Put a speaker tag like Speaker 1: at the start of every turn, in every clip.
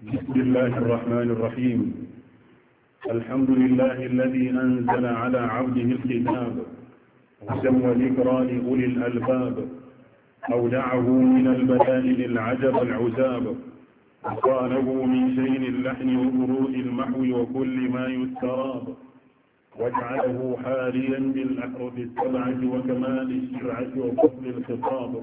Speaker 1: بسم الله الرحمن الرحيم الحمد لله الذي أنزل على عبده الكتاب وسوى ذكرى لأولي الألباب أودعه من البدائل العجب العزاب وقاله من شين اللحن وبروء المحو وكل ما يستراب واجعله حاليا بالأحرف السبعة وكمال الشرعة وفصل الخطاب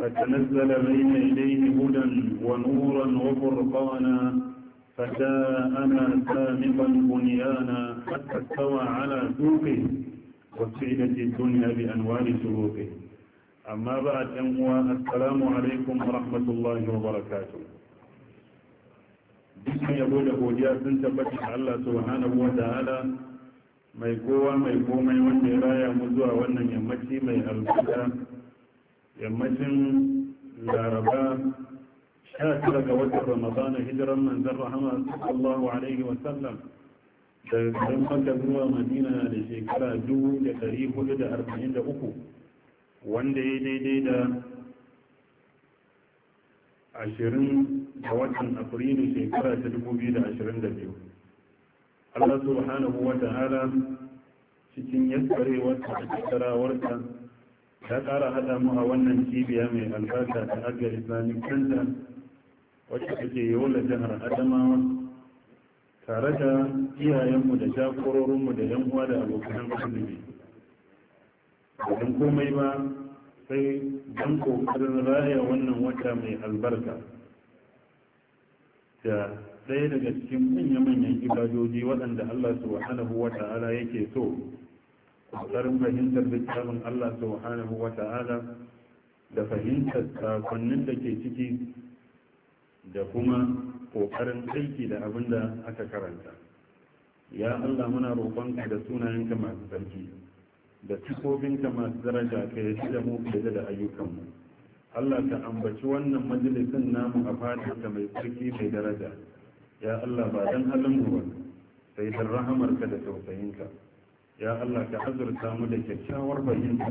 Speaker 1: فتنزل بين يديه هدى ونورا وفرقانا فجاءنا سامقا بنيانا حتى استوى على سوقه وسعدت الدنيا بانوار سلوكه اما بعد انوا السلام عليكم ورحمه الله وبركاته dukkan yabo da godiya sun tabbata ga Allah subhanahu wa ta'ala mai kowa mai komai wanda ya raya mu zuwa wannan yammaci mai albarka yammacin laraba sha tara ga watan ramadana hijiran manzan rahama sallallahu alaihi wasallam daga garin maka zuwa madina da shekara uku, wanda ya daidai da ashirin da watan afrilu shekara ta dubu biyu da da ashirin biyu. allah subhanahu wa ta'ala cikin yaskarewarsa a tattarawarsa ta ƙara haɗa mu a wannan cibiya mai albarka ta agar islamic center wacce take yola jihar adamawa tare da iyayenmu da jagororinmu da yan uwa da abokan arziki don komai ba sai don kokarin raya wannan wata mai albarka da ɗaya daga cikin manya-manyan ibadoji waɗanda allah subhanahu wa ta'ala yake so ƙoƙarin fahimtar littafin Allah subhanahu wa ta'ala da fahimtar sakonnin da ke ciki da kuma ƙoƙarin aiki da abin da aka karanta ya Allah muna roƙonka da sunayenka masu sarki da sifofinka masu daraja ka shi da mu fiye da ayyukanmu Allah ka ambaci wannan majalisin namu a fatanka mai sarki mai daraja ya Allah ba don halin ruwan sai don rahamarka da tausayinka ya Allah ka azurta mu da kyakkyawar fahimta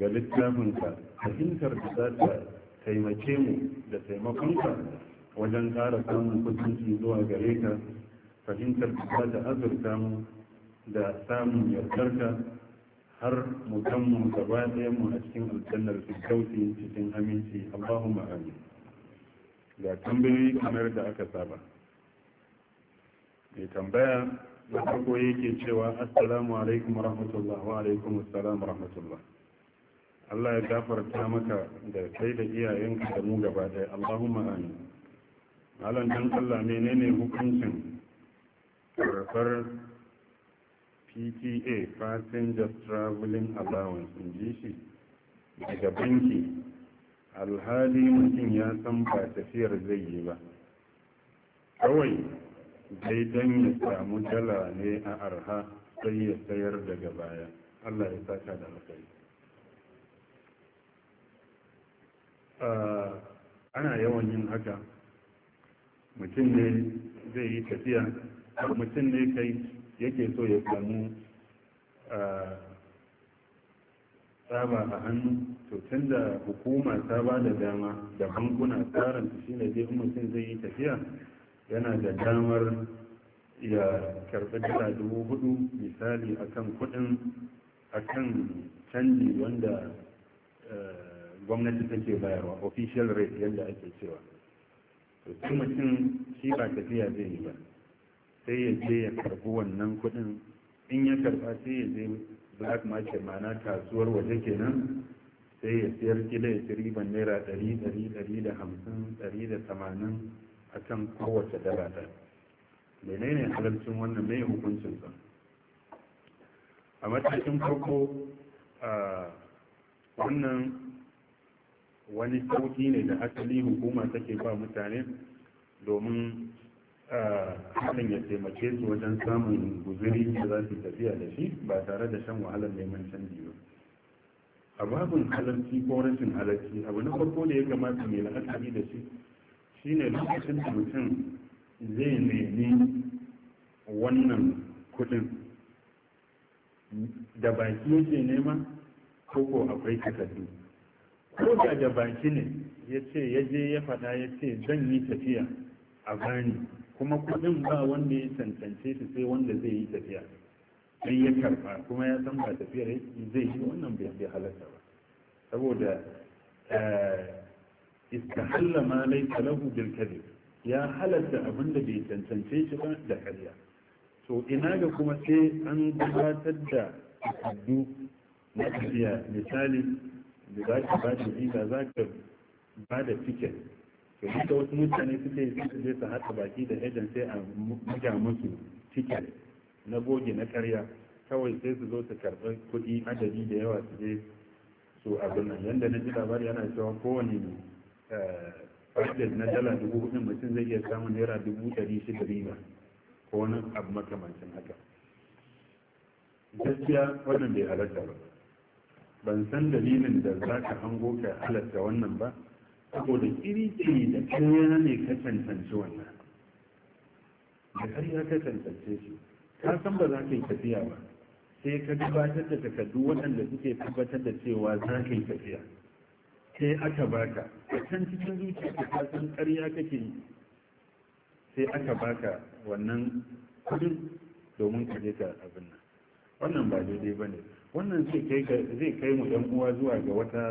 Speaker 1: ga littafinka fahimtar da za ta taimake mu da taimakonka wajen ƙara samun kusanci zuwa gare ka fahimtar da za ta azurta mu da samun yardarka har mu kanmu gaba ɗaya mu a cikin aljannar fiskauti cikin aminci Allahu ma'ani ga tambayoyi kamar da aka saba mai tambaya da farko yake cewa assalamu alaikum rahmatullah wa alaikum assalam rahmatullah Allah ya gafarta maka da kai da iyayenka da mu gaba ɗaya Allahumma amin malam dan Allah menene hukuncin karfar PTA passenger traveling allowance in ji shi daga banki alhali mutum ya san ba tafiyar zai yi ba kawai dai don ya samu dala ne a arha sai ya sayar daga baya allah ya saka da alkai ah, ana yawan yin haka mutum ne zai yi tafiya mutum ne kai yake so ya samu ah, tsaba a hannu to tunda hukuma ta ba da dama da bankuna tsarin shi ne dai mutum zai yi tafiya yana da damar ya karɓi dala dubu hudu misali akan kudin akan canji wanda eh, gwamnati take bayarwa official rate yadda ake cewa to sai mutum shi ba tafiya zai yi ba sai ya je ya karɓi wannan kudin in ya karɓa sai ya je black market mana kasuwar waje kenan sai ya siyar kila ya ci riban naira ɗari ɗari ɗari da hamsin ɗari da tamanin a can kowace dara da menene halarcin wannan mai hukuncinsa a matakin farko a wannan wani sauki ne da asali hukuma take ba mutane domin hakan ya taimake su wajen samun guzuri da za su tafiya da shi ba tare da shan wahalar neman canji ba a babin halarci ko rashin halarci abu na farko da ya kamata mai la'akari da shi shine lokacin da mutum zai nemi wannan kudin da baki yake nema ko ko akwai takardu ko da da baki ne ya ce ya je ya faɗa ya ce zan yi tafiya a bani kuma kudin ba wanda ya cancance shi sai wanda zai yi tafiya sai ya karba kuma ya san ba tafiyar zai yi wannan bai halatta ba saboda eh, istahalla ma laysa lahu bil kadhib ya halatta abin da bai tantance shi ba da ƙarya to ina ga kuma sai an gabatar da takaddu na tafiya misali da za ka ba da visa za ka ba da ticket to duka wasu mutane suke su je su haɗa baki da ejen sai a muka musu ticket na goge na karya kawai sai su zo su karɓi kuɗi adadi da yawa su je su abin nan yadda na ji labari yana cewa kowane Fadis na dala dubu hudu mutum zai iya samun naira dubu dari shida riba ko wani abu makamancin haka gaskiya wannan bai halatta ba ban san dalilin da za ka hango ka halatta wannan ba saboda kirki da kariya ne ka cancanci wannan da kariya ka cancanci shi ka san ba za ka yi tafiya ba sai ka gabatar da takardu waɗanda suke tabbatar da cewa za ka yi tafiya sai aka baka a can cikin zuciya ka san ƙarya kake yi sai aka baka wannan kudin domin ka je ka abin nan wannan ba daidai ba ne wannan zai kai mu yan uwa zuwa ga wata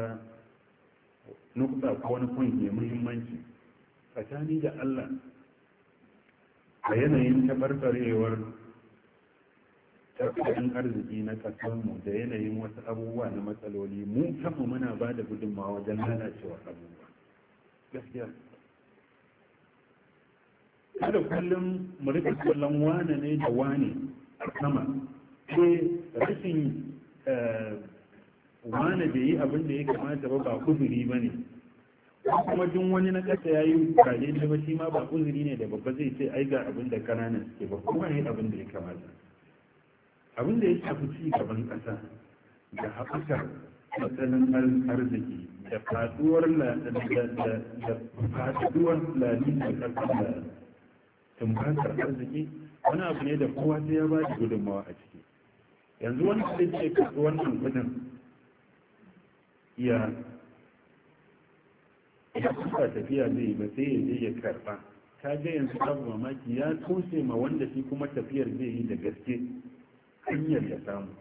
Speaker 1: nukta ko wani point mai muhimmanci tsakani da Allah a yanayin tabarbarewar tattalin arziki na mu da yanayin wasu abubuwa na matsaloli mu kanmu muna ba da gudunmawa wajen lalacewa abubuwa gaskiya kada kullum mu rika kullum wane ne da wane a sama sai eh, rashin eh, wane da yi abin da ya kamata ba ba kuzuri ba ne kuma jin wani na ƙasa ya yi kare da ba shi ma ba kuzuri ne da babba zai ce ai ga abin da ƙananan suke ba kuma ne abin da ya kamata abin da ya shafi ci gaban ƙasa da haɓakar tattalin arziki da faduwar lalita ƙasar da tumbatar arziki wani abu ne da kowa sai ya ba da gudunmawa a ciki yanzu wani sai ce kasu wannan kudin ya ya kusa tafiya zai ba sai ya je ya karɓa ta ga yanzu abu mamaki ya tose ma wanda shi kuma tafiyar zai yi da gaske hanyar ya samu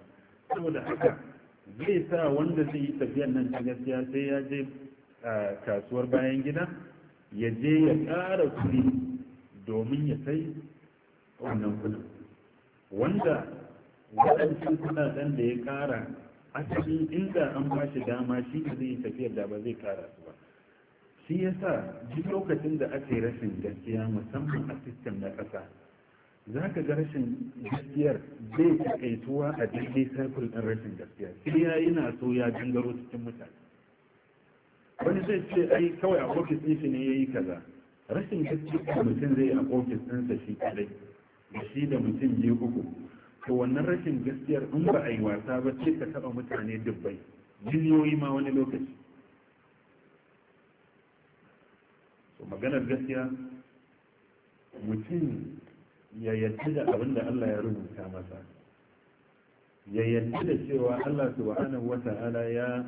Speaker 1: saboda haka zai sa wanda zai yi tafiyan nan ta gaskiya sai ya je eh, kasuwar bayan gida ya je ya ƙara kuɗi domin ya sai wannan kuɗin wanda waɗancan kuɗaɗen da ya ƙara cikin inda an ba shi dama shi ne zai tafiyar da ba zai ƙara su ba shi ya sa duk lokacin da ake rashin gaskiya musamman a sistem na ƙasa za ka ga rashin gaskiyar zai takaituwa a daidai cycle ɗin rashin gaskiyar. sai ya yana so ya gangaro cikin mutane wani zai ce ai kawai a ofis ɗin shi ne ya yi kaza rashin gaskiya mutum zai a ofis ɗinsa shi kadai da shi da mutum biyu uku to wannan rashin gaskiyar in ba a yi wasa ba sai ka taɓa mutane dubbai miliyoyi ma wani lokaci maganar gaskiya mutum ya yadda da abin da Allah ya rubuta masa ya da cewa Allah subhanahu ta'ala ya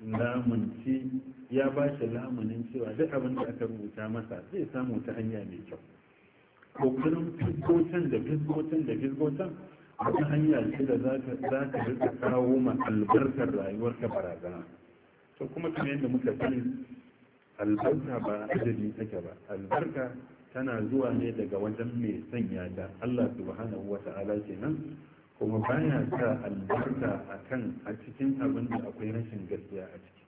Speaker 1: namunci ya ba shi lamunin cewa duk abin da aka rubuta masa zai samu ta hanya mai kyau kokarin fiskotan da fiskotan da fiskotan wata hanya ce da za ka rika kawo ma albarkar rayuwar ka barazana to kuma kamar yadda muka sani albarka ba adadi take ba albarka tana zuwa ne daga wajen mai sanya da Allah subhanahu wa ta'ala kenan kuma baya sa albarka akan a cikin abin da akwai rashin gaskiya a ciki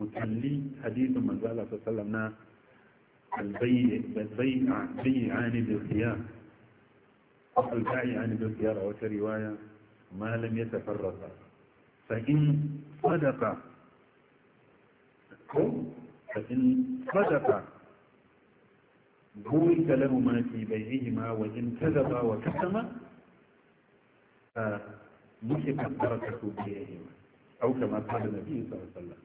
Speaker 1: mutalli hadisin manzo Allah sallallahu na البيع a بالخيار البيعان بالخيار أو رواية ما لم يتفرقا فإن صدقا فإن صدقا بورك لهما في بيعهما وإن كذبا وكتما فمحقت بركة بيعهما أو كما قال النبي صلى الله عليه وسلم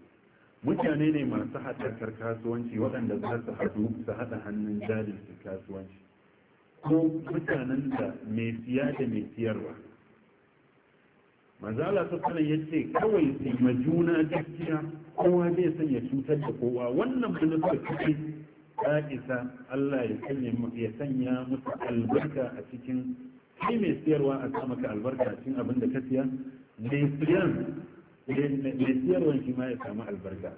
Speaker 1: mutane ne masu haɗakar kasuwanci waɗanda za su haɗu su haɗa hannun jarin su kasuwanci ko mutanen da mai siya da mai siyarwa manzala ta sanar ya kawai su ma juna gaskiya kowa zai sanya cutar da kowa wannan manufar kaɗai ta Allah ya sanya ya sanya musu albarka a cikin kai mai siyarwa a sa maka albarka a cikin abin da ka siya mai siyan siyarwan shi ma ya samu albarka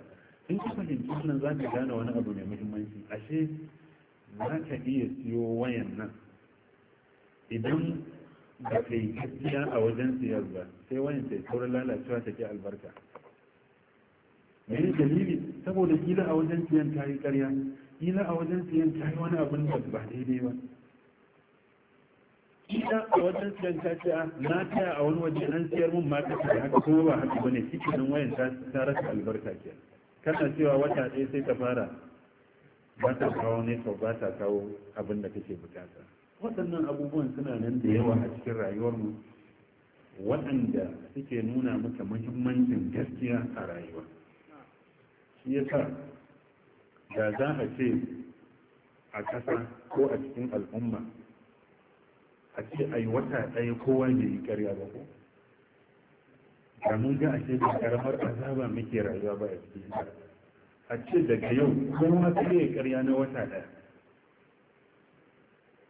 Speaker 1: in ka fahimci wannan za ka gane wani abu mai muhimmanci ashe za ka iya siyo wayan nan idan ba ka yi gaskiya a wajen siyar ba sai wayan ta saurin lalacewa take albarka me dalili saboda kila a wajen siyan ta yi karya ila a wajen siyan ta yi wani abin da ba daidai ba ila a wajen siyan ta ce ah, na taya a wani waje an siyar mun ma kasa da haka kuma ba haka bane cikin wayan ta rasa albarka ke kana cewa wata ɗaya sai ta fara ba ta kawo nesa ba ta kawo abin da kake bukata waɗannan abubuwan suna nan da yawa a cikin rayuwarmu waɗanda suke nuna maka muhimmancin gaskiya a rayuwa shi yasa da za a ce a ƙasa ko a cikin al'umma a ce a yi wata ɗaya kowa da yi ƙarya ba ko da mun ga a ce da ƙaramar azaba muke rayuwa ba a cikin a ce daga yau kowa ta yi ƙarya na wata ɗaya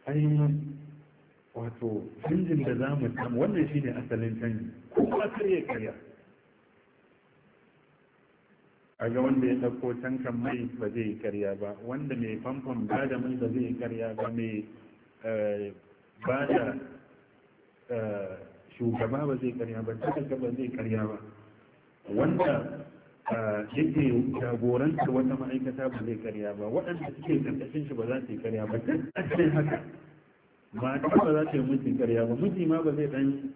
Speaker 1: ainihin wato canjin da za mu samu wannan shine asalin canji kowa ta yi ƙarya Aga wanda ya ɗauko tankan mai ba zai yi karya ba wanda mai famfon ba da mai ba zai yi karya ba mai eh, ba da eh, shugaba ba zai karya ba talaka ba zai karya ba
Speaker 2: wanda
Speaker 1: eh, yake jagoranta wata ma'aikata ba zai karya ba waɗanda suke tantashin shi ba za su yi karya ba duk a cikin haka mata ba za ta yi mutum karya ba mutum ma ba zai ɗan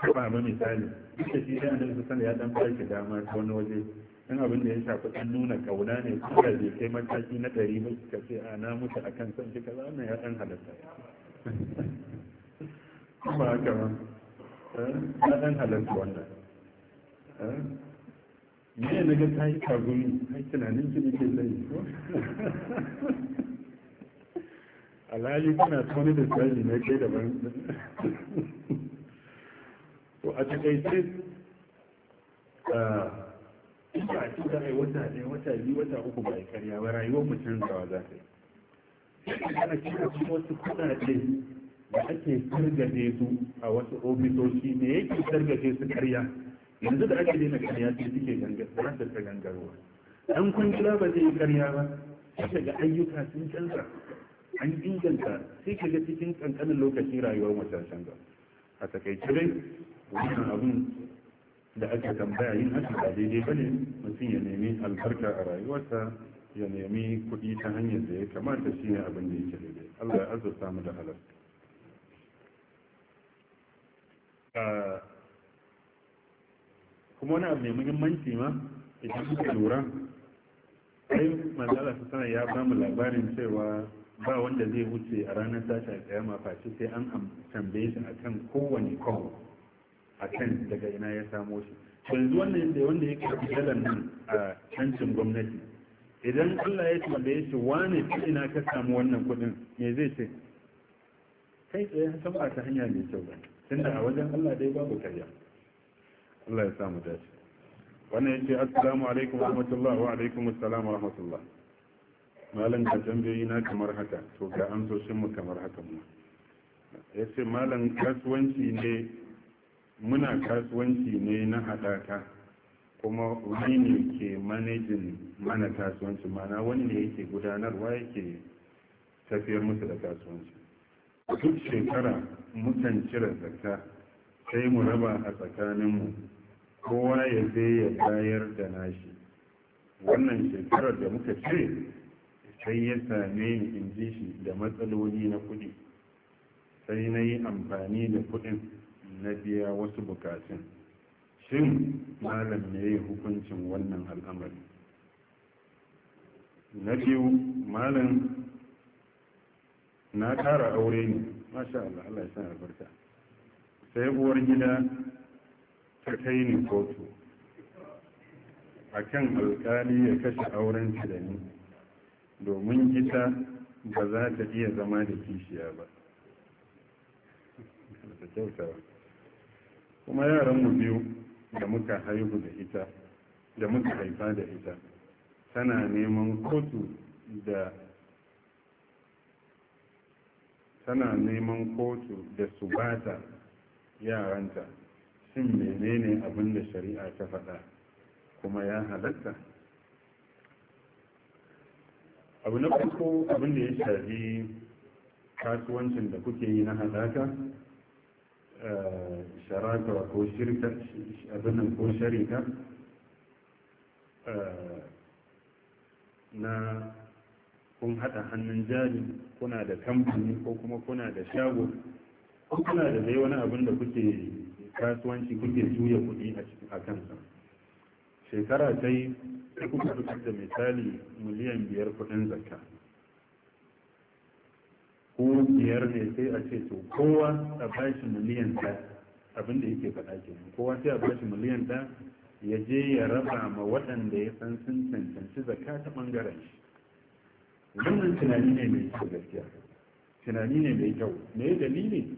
Speaker 1: kuma ba misali duk shi dai annabi sallallahu ya dan fara dama ta wani waje in abin da ya shafi dan nuna kauna ne kuma da kai mataki na ɗari ba ka ce a na mutu akan san shi kaza wannan ya dan halatta Kuma haka ba eh, ya dan halatta wannan eh, me na ga ta yi kagumi ai tunanin ki ke zai ko alhali kuna ta da tsari ne kai daban to a takaice ah, inda a cikin ai wata ne wata biyu wata uku ba karya ba rayuwar mutum gawa za ta yi ana kira kuma wasu kuɗaɗe da ake sargaje su a wasu ofisoshi ne yake sargaje su karya yanzu da ake daina karya sai suke gangarwa gangarwa an kwangila ba zai yi karya ba sai ga ayyuka sun canza an inganta sai ka ga cikin kankanin lokacin rayuwar mutum canza a takaice dai wannan abin da aka tambaya yin haka ba daidai ba ne mutum ya nemi albarka a rayuwarsa ya nemi kuɗi ta hanyar da ya kamata shi ne abin da yake daidai allah ya azurta samu da halar ah, kuma wani abu mai muhimmanci ma idan kuka lura ai manzala su sana ya ba mu labarin cewa ba wanda zai wuce a ranar tashi kayama face sai an tambaye shi akan kowane kawo a kan daga ina ya samo shi to yanzu wannan da wanda ya karbi dalar nan a cancin gwamnati idan Allah ya tambaye ce wane ne ina ka samu wannan kuɗin me zai ce kai tsaye ta ba ta hanya mai kyau ba tunda a wajen Allah dai babu karya Allah ya samu dace wannan yace assalamu alaikum wa rahmatullahi wa alaikum assalam wa rahmatullah malam ka tambayoyi na kamar haka to ga amsoshin mu kamar haka mu yace malam kasuwanci ne muna kasuwanci ne na haɗaka kuma wani ne ke manajin mana kasuwanci mana wani ne yake gudanarwa yake tafiyar musu da kasuwanci duk shekara mutan cire zakka sai mu raba a tsakaninmu kowa ya zai ya bayar da nashi wannan shekarar da muka cire sai ya same ni in ji shi da matsaloli na kuɗi sai na yi amfani da kuɗin na biya wasu bukatun shin malam ne yi hukuncin wannan al'amari na biyu malam na kara aure ne masha Allah Allah ya san albarka sai uwar gida ta kai ni kotu a kan alkali ya kashe auren da ni domin gita ba za ta iya zama da kishiya ba kuma yaran mu biyu da muka haihu da ita da muka haifa da ita tana neman kotu da tana neman kotu da su bata yaranta shin menene abin da shari'a ta faɗa kuma ya halatta abu na farko abin da ya shafi kasuwancin da kuke yi na halaka sharaka ko shirka abinan ko sharika na kun haɗa hannun jari kuna da kamfani ko kuma kuna da shago ko kuna da dai wani abin da kuke kasuwanci kuke juya kuɗi a kansa shekara ta yi kuka fitar da misali miliyan biyar kuɗin zakka
Speaker 2: ko biyar
Speaker 1: ne sai a ce to kowa a bashi miliyan ɗaya abin da yake faɗa ke kowa sai a bashi miliyan ɗaya ya je ya raba ma waɗanda ya san sun cancanci zakka ta ɓangaren shi wannan tunani ne mai kyau gaskiya tunani ne mai kyau me dalili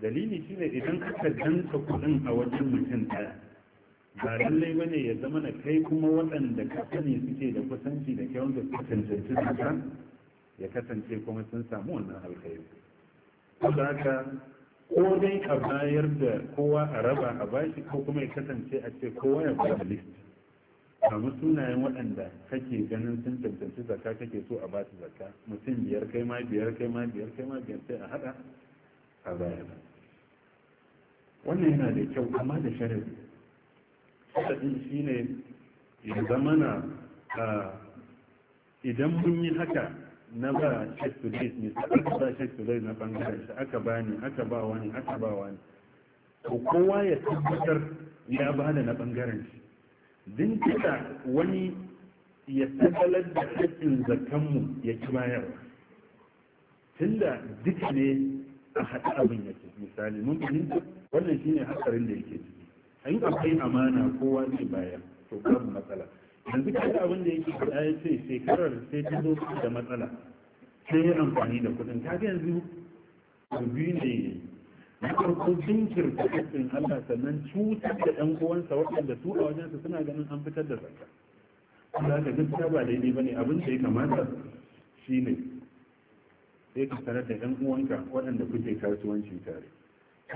Speaker 1: dalili shine idan aka danta kuɗin a wajen mutum ɗaya ba lallai ba ne ya zama na kai kuma waɗanda ka sani suke da kusanci da kyau da cancanci zakka ya kasance kuma sun samu wannan alkhairi saboda haka ko dai a bayar da kowa a raba a bashi ko kuma ya kasance a ce kowa ya bada list samu sunayen waɗanda kake ganin sun cancanci zakka kake so a basu zakka mutum biyar kai ma biyar kai ma biyar kai ma biyar sai a haɗa a bayar wannan yana da kyau amma da sharadi sharadin shine ya zamana ah, idan mun yi haka na ba to date ne aka ba to date na bangaren shi aka ba ni aka ba wani aka ba wani to kowa ya tabbatar ya ba da na bangaren shi din kisa wani ya tabbalar da haƙƙin zakanmu ya ki bayar tunda duka ne a haɗa abin ya ce misali mun fahimta wannan shine hatsarin da yake ciki in akwai amana kowa zai bayar to babu matsala yanzu yi abin da yake faɗa ya ce shekarar sai ta zo da matsala sai ya amfani da kuɗin ta ga yanzu biyu ne na farko jinkirta kuɗin Allah sannan cutar da ɗan kowansa waɗanda su a wajensa suna ganin an fitar da zaka za ka gaskiya ba daidai ba ne abin da ya kamata shi ne sai ka sanar da 'yan uwanka waɗanda kuke kasuwanci tare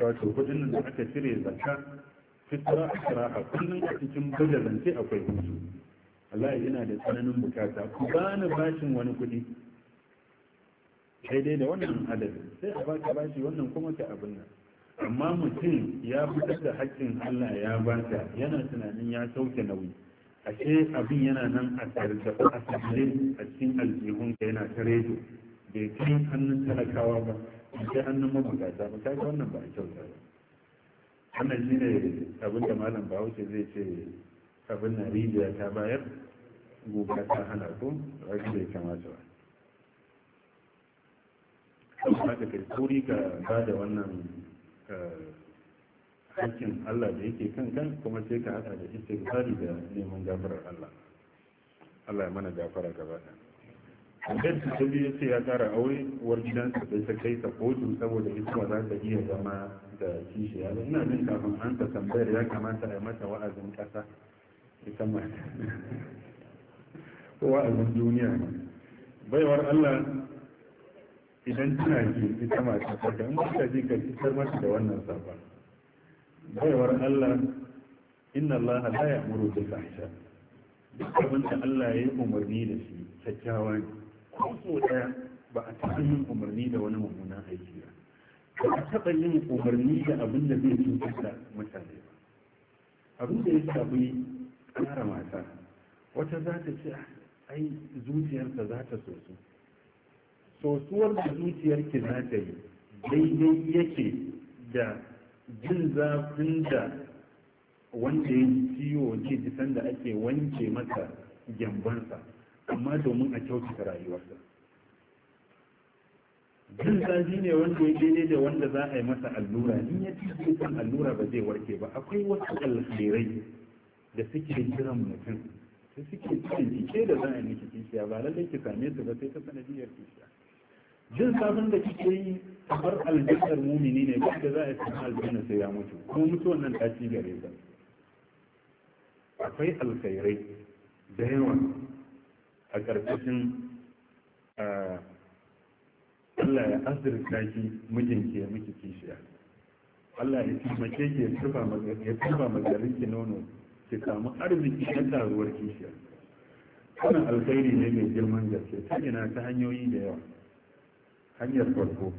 Speaker 1: wato kuɗin da aka cire zakka fitra a kullum a cikin bajalance akwai hutu Allah yana da tsananin bukata ku bani bashin wani kuɗi daidai da wannan adadin sai a baka bashi wannan kuma ta abin nan amma mutum ya fitar da haƙƙin Allah ya baka yana tunanin ya sauke nauyi ashe abin yana nan a ko a tsare a cikin aljihun ka yana ta da bai kai hannun talakawa ba sai hannun mabukata ba kai wannan ba a kyauta ba wannan shine abin da malam bahaushe zai ce abin na rijiya ta bayar guga ta hana ku rashin bai kamata ba kuma ka kai kuri ka ba da wannan eh, hakkin Allah da yake kan kan kuma sai ka haɗa da istighfari da neman gafarar Allah Allah ya mana gafara gaba da Abin su ta biyu sai ya tara aure uwar gidansa sai ta kai ta kotu saboda ita za ta iya zama da kishiya ina jin kafin an ta tambayar ya kamata a yi mata wa'azin ƙasa ita mata kowa a duniya ne baiwar allah idan tana ji ita mata saka in ba ji ka fitar mata da wannan safa baiwar allah inna allah la ya'muru bil fahsha duk abin da allah ya yi umarni da shi kyakkyawa ne ko so daya ba a taɓa yin umarni da wani mummunan aiki ba ba a taɓa yin umarni da abin da zai cutar da mutane ba abin da ya shafi tsara mata wata za ta ce ah, ai zuciyarta za ta soso sosuwar da zuciyarki za ta yi daidai yake da jin zafin da wanda ya ciwo ne jisan da ake wanke masa gyambansa amma domin a kyautata rayuwarsa jin zafi ne wanda ya daidai da wanda za a yi masa allura in ya ci allura ba zai warke ba akwai wasu alherai da suke kiran mutum su suke kiran jike da zan miki kishiya ba lallai ki same su ba sai ta sanadiyar kishiya jin sabon da kike yi kamar aljannar mumini ne ba da za a samu aljanna sai ya mutu kuma mutu wannan ta ci gare ba akwai alkhairai da yawa a ƙarƙashin Allah ya azurta ki mijinki ya miki kishiya Allah ya taimake ki ya tuba magarin ki nono ki samu arziki na karuwar kishiyar wannan alkhairi ne mai girman gaske ta ina ta hanyoyi da yawa hanyar farko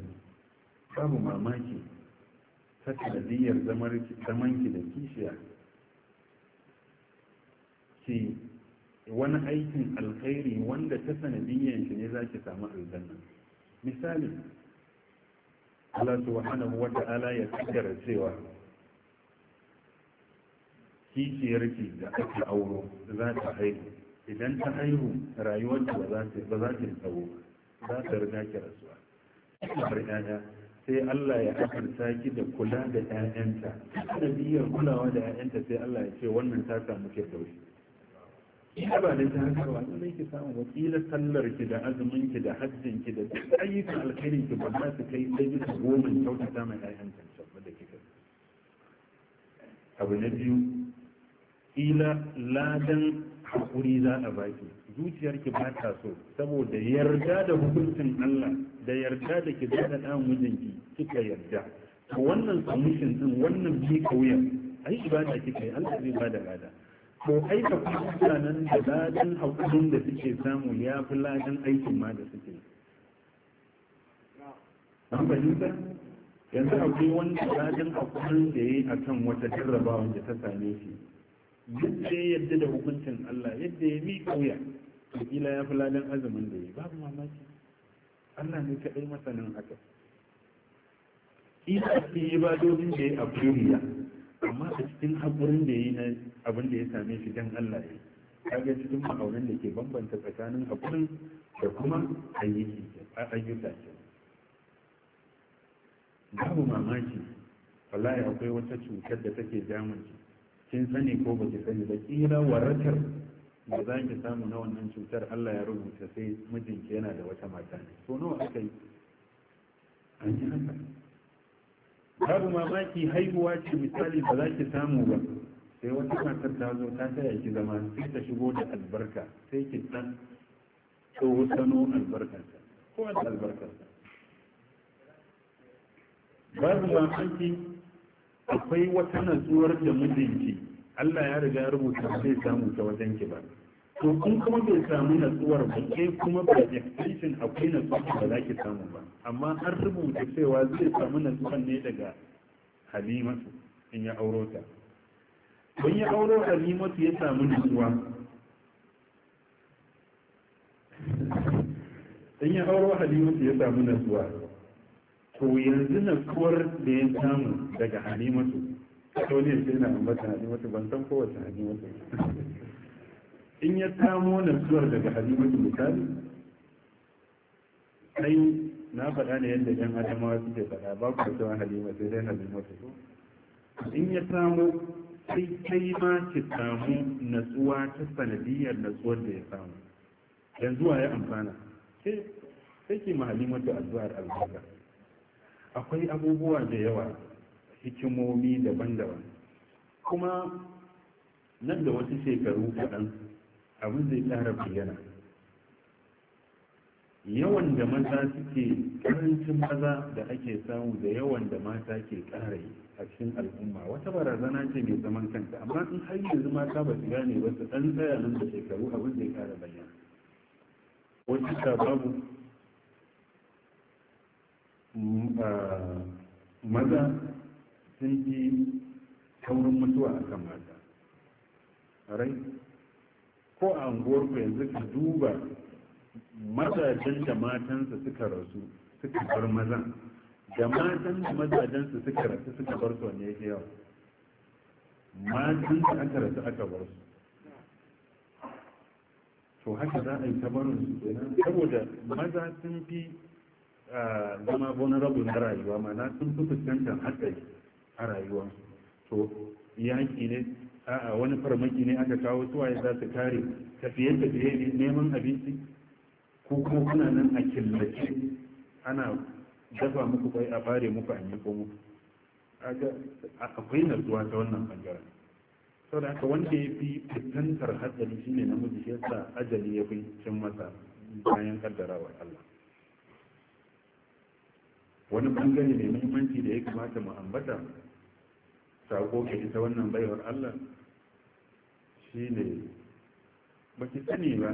Speaker 1: babu mamaki ta sanadiyyar ki da kishiya ki wani aikin alkhairi wanda ta sanadiyyar shi ne za ki samu aljanna misali Allah subhanahu wa ta'ala ya kaddara cewa kishiyarki da aka auro za ta haihu idan ta haihu rayuwarta ba za ta tsawo za ta riga ki rasuwa kamar yaya sai Allah ya akarta ki da kula da ƴaƴanta biyar kulawa da ƴaƴanta sai Allah ya ce wannan ta samu dauki ina ba da ta haka ba ki samu wakilar sallar ki da azumin ki da hajjin ki da duk ayyukan alkhairin ki ba za su kai sai bisa goma kyautata mai ƴaƴanta da kika abu na biyu kila ladan hakuri za a baki zuciyarki ba ta so saboda yarda da hukuncin Allah da yarda da ki da ɗan mijinki kika yarda to wannan submission din wannan bi kauyen ai ibada kika yi Allah zai bada lada to ai ka kuma nan da ladan hakurin da suke samu ya fi ladan aikin ma da suke an fahimta yanzu akwai wani ladan hakurin da ya yi akan wata jarrabawa da ta same shi yadda ya yadda da hukuncin Allah yadda ya mi kauya to kila ya fi ladan azumin da yi. babu mamaki Allah ne kadai masanin haka Ina kila yi ba ibadodin da ya aburiya amma a cikin haƙurin da ya yi na abin da ya same shi dan Allah ya kaga cikin ma'aunin da ke bambanta tsakanin haƙurin da kuma ayyuka ce babu mamaki wallahi akwai wata cutar da take damun kin sani ko ba ki sani ba kila warakar da za samu na wannan cutar Allah ya rubuta sai mijinki yana da wata mata ne nawa aka yi an yi haka babu mamaki haihuwa ce misali ba za ki samu ba sai wata matar ta zo ta taya ki zama sai ta shigo da albarka sai ki san tsoho sano albarkarsa ko albarkarsa babu mamaki akwai wata natsuwar da mijinki Allah ya riga ya rubuta zai samu ta wajen ki ba to kun kuma bai samu natsuwar ba ke kuma ba expectation akwai natsuwar da za ki samu ba amma an rubuta cewa zai samu natsuwar ne daga halimatu in ya auro ta in ya auro halimatu ya samu natsuwa in ya auro halimatu ya samu natsuwa to yanzu na kuwar da ya samu daga halimatu to ne sai na ambata halimatu ban san kowace halimatu in ya samu na suwar daga halimatu misali ai na faɗa ne yadda yan adamawa suke faɗa ba ku da cewa halimatu sai halimatu in ya samu sai kai ma ki samu natsuwa ta sanadiyar natsuwar da ya samu yanzu wa ya amfana sai ke mahalimatu addu'ar albarka akwai abubuwa da yawa hikimomi daban-daban kuma nan da wasu shekaru kaɗan abin zai ƙara bayyana yawan da maza suke ƙarancin maza da ake samu da yawan da mata ke ƙara yi a cikin al'umma wata barazana ce mai zaman kanta amma in har yanzu mata ba su gane ba su ɗan tsaya nan da shekaru abin zai ƙara bayyana wasu babu Mm, ah, maza sun fi taurin mutuwa a kan mata rai ko a unguwarku yanzu ka duba mazajen da matansa suka rasu suka bar mazan da matan da mazajensu suka rasu suka bar su wani ke yawa
Speaker 2: matan da aka rasu
Speaker 1: aka bar su to haka za a yi ta barin su saboda maza sun fi zama vulnerable na rayuwa ma na sun fi fuskantar hatsari a rayuwa to yaki ne a'a wani farmaki ne aka kawo suwaye za su kare tafiye tafiye ne neman abinci ko kuma kuna nan a killace ana dafa muku kwai a fare muku a yi muku akwai zuwa ta wannan bangaren sau da haka wanda ya fi fuskantar hatsari shine namiji shi yasa ajali ya fi cin masa bayan kaddarawar Allah wani bangare mai muhimmanci da ya kamata mu ambata sako ke ita wannan baiwar Allah shi ne ba ki sani ba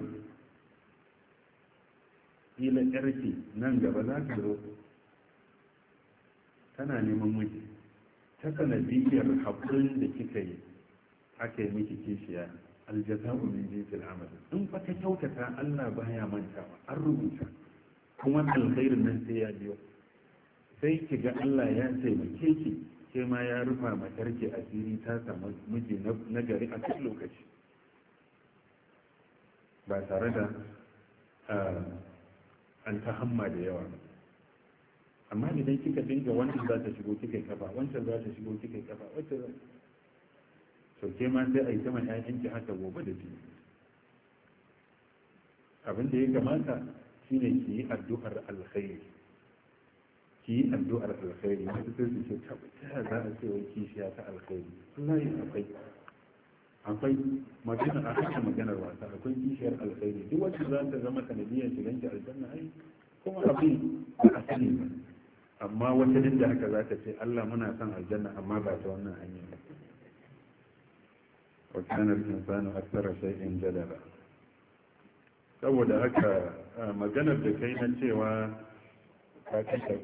Speaker 1: ila yarki nan gaba za ka zo tana neman miji ta sanadiyar haƙurin da kika yi aka yi miki kishiya Aljaza min jinsil amal in fa ta kyautata Allah baya ba. an rubuta kuma alkhairin nan sai ya biyo sai ki ga Allah ya taimake ki sai ma ya rufa matarki asiri ta samu miji na gari a cikin lokaci ba tare da ah, an ta hamma da yawa amma idan kika dinga wancan za ta shigo kika kafa wancan za ta shigo kika kafa wancan za to ke ma sai a yi sama ƴaƴanki haka gobe da ji abin da ya kamata shine ki yi addu'ar alkhairi ki yi addu'ar alkhairi wata sai su ce tabbata za a ce wai kishiya ta alkhairi wallahi akwai akwai magana a haka maganar wasa akwai kishiyar alkhairi duk wacce za ta zama sanadiyar shigan ki aljanna ai kuma abin ba a sani ba amma wata duk da haka za ta ce Allah muna son aljanna amma ba ta wannan hanya ba wa kana al-insanu akthara shay'in jadala saboda haka maganar da kai na cewa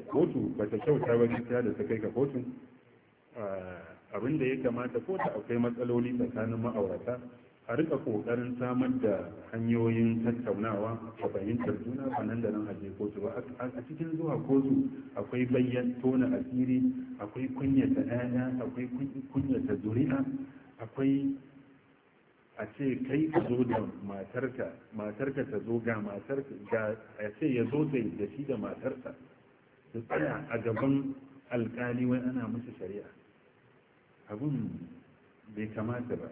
Speaker 1: kotu ba ta kyauta ba gaskiya da ta kai ka kotu abinda ya kamata ko ta akwai matsaloli tsakanin ma'aurata a rika kokarin samar da hanyoyin tattaunawa a fahimtar juna ba nan da nan a kotu ba a cikin zuwa kotu akwai bayyan tona asiri akwai kunyata ɗaya akwai kunyata zuri'a akwai a ce kai ka zo da matarka matarka ta zo ga matarka a ce ya zo da shi da matarsa su tsaya a gaban alkali wai ana musu shari'a abun bai kamata ba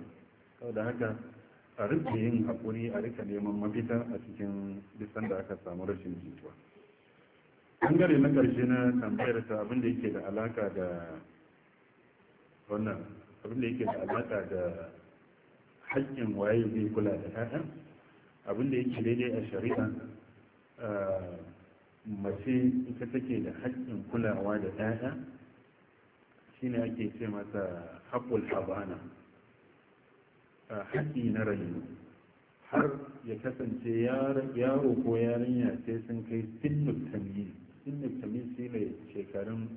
Speaker 1: da haka a rike yin haƙuri a rika neman mafita a cikin bisan da aka samu rashin jituwa bangare na ƙarshe na tambayar ta abin da yake da alaka da wannan abinda yake da alaka da haƙƙin waye zai kula da ta'a abin da yake daidai a shari'a ah, mace ita take da haƙƙin kulawa da ɗaya shine ake ce mata haƙul habana haƙƙi na rayu har ya kasance yaro ko yarinya sai sun kai sinnuk tamyi sinnuk tamyi shi ne shekarun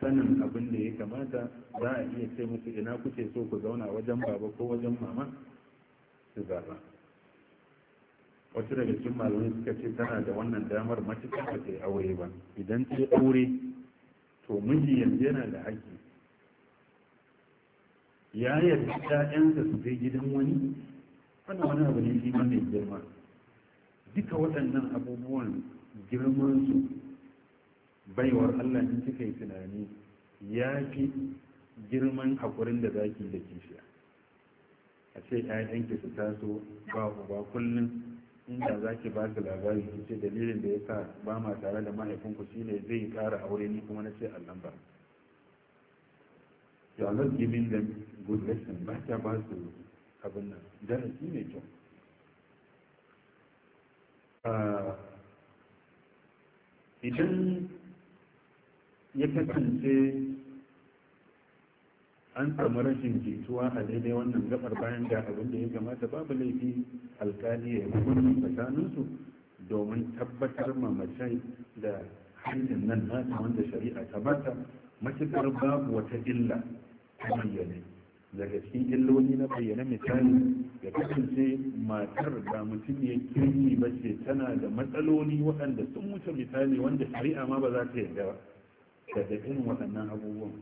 Speaker 1: sanin abin da ya kamata za a iya ce musu ina kuke so ku zauna wajen baba ko wajen mama su zaba wasu daga cikin malamai suka ce tana da wannan damar matuƙar ba ta yi aure ba idan ta yi aure to miji yanzu yana da haƙƙi ya yarda ƴaƴansa su kai gidan wani wannan wani abu ne shi mai girma duka waɗannan abubuwan girman su baiwar Allah in kika yi tunani ya fi girman hakurin da zaki da kishiya a ce ƴaƴanki su taso ba uba kullum inda za ki ba su labari ki ce dalilin da ya sa ba ma tare da mahaifinku shine zai kara aure ni kuma na ce allon ba you are not giving them good lesson ba ta ba su abin nan darasi ne kyau ah, idan ya kasance an samu rashin jituwa a daidai wannan gabar bayan da abin da ya gamata babu laifi alkali ya hukunci tsakaninsu domin tabbatar ma mace da hanyar nan nata wanda shari'a ta bata matukar babu wata illa ta bayyane daga cikin illoli na bayyana misali ya kasance matar da mutum ya kirki ba ce tana da matsaloli waɗanda sun wuce misali wanda shari'a ma ba za ta yarda ba da irin waɗannan abubuwan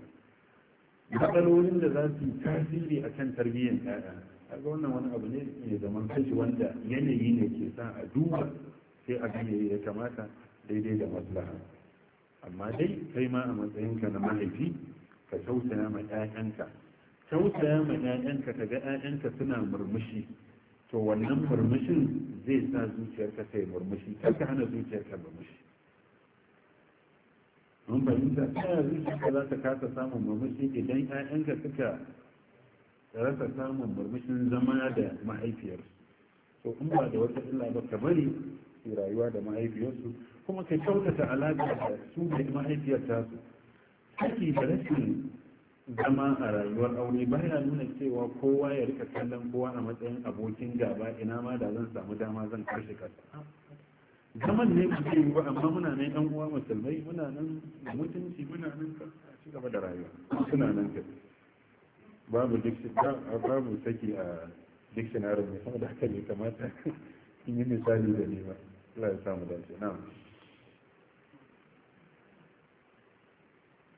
Speaker 1: matsalolin da za su yi tasiri a kan tarbiyyar ƴaƴa kaga wannan wani abu ne mai zaman kashi wanda yanayi ne ke sa a duba sai a gane ya kamata daidai da maslaha amma dai kai ma a matsayinka na mahaifi ka tausaya ma ƴaƴanka
Speaker 2: tausaya ma
Speaker 1: ƴaƴanka ka ga ƴaƴanka suna murmushi to wannan murmushin zai sa zuciyarka ta yi murmushi kar ka hana zuciyarka murmushi mun fahimta ta zuciya za ta kasa samun murmushi idan 'ya'yanka suka rasa samun murmushin zama da mahaifiyarsu to in ba da wata illa ba ka bari su rayuwa da mahaifiyarsu kuma ka kyautata alaƙa da su da mahaifiyar tasu haƙi da rashin zama a rayuwar aure ba ya nuna cewa kowa ya rika kallon kowa a matsayin abokin gaba ina ma da zan samu dama zan kashe kasa zaman ne ba yi ba amma muna nan yan uwa musulmai muna nan da mutunci muna nan ka ci gaba da rayuwa suna nan ka babu babu saki a dictionary ne da haka ne kamata in yi misali da nema Allah ya samu dace na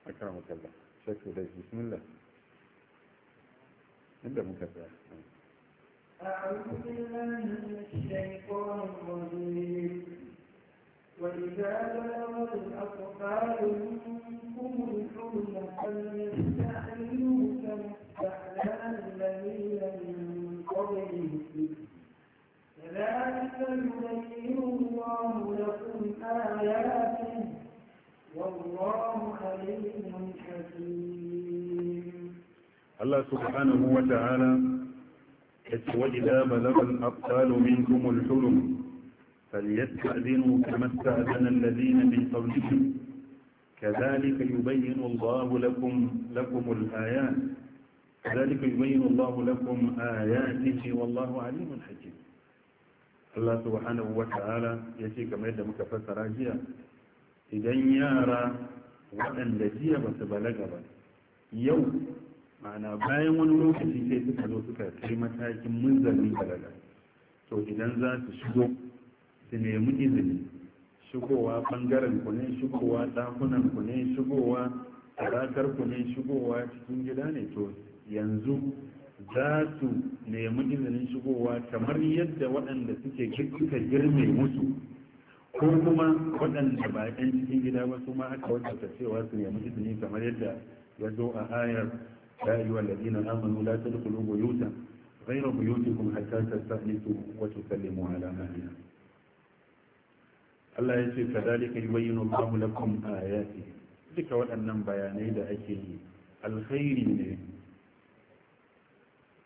Speaker 1: akramu kallah shakku da bismillah inda muka tsaya
Speaker 2: أعوذ بالله من الشيطان الرجيم وإذا بلغ الأطفال منكم الحلم كما الذين من قبلهم يبين الله لكم آياته والله عليم
Speaker 1: الله سبحانه وتعالى وإذا بلغ الأطفال منكم الحلم فليستأذنوا كما استأذن الذين من قبلهم كذلك يبين الله لكم لكم الآيات كذلك يبين الله لكم آياته والله عليم حكيم الله سبحانه وتعالى يشي كما يدى مكفسر جيا إذا يارى وأن لجيا بسبلغ يوم معنى بايم ونروح في sai suka zo كلمة kai matakin munzalin balaga to idan za su su nemi izini shigowa bangaren ku ne shigowa dakunan ku ne shigowa tarakar ku ne shigowa cikin gida ne to yanzu za su nemi izinin shigowa kamar yadda waɗanda suke suka girme musu ko kuma waɗanda ba yan cikin gida ba su ma aka wadata cewa su nemi izini kamar yadda ya zo a ayar ya yi wallazina amanu la tadkhulu buyutan ghayra buyutikum hatta tastanisu wa tusallimu ala ahliha Allah ya ce kadalika yubayyinu Allahu lakum ayati duka waɗannan bayanai da ake yi alkhairi ne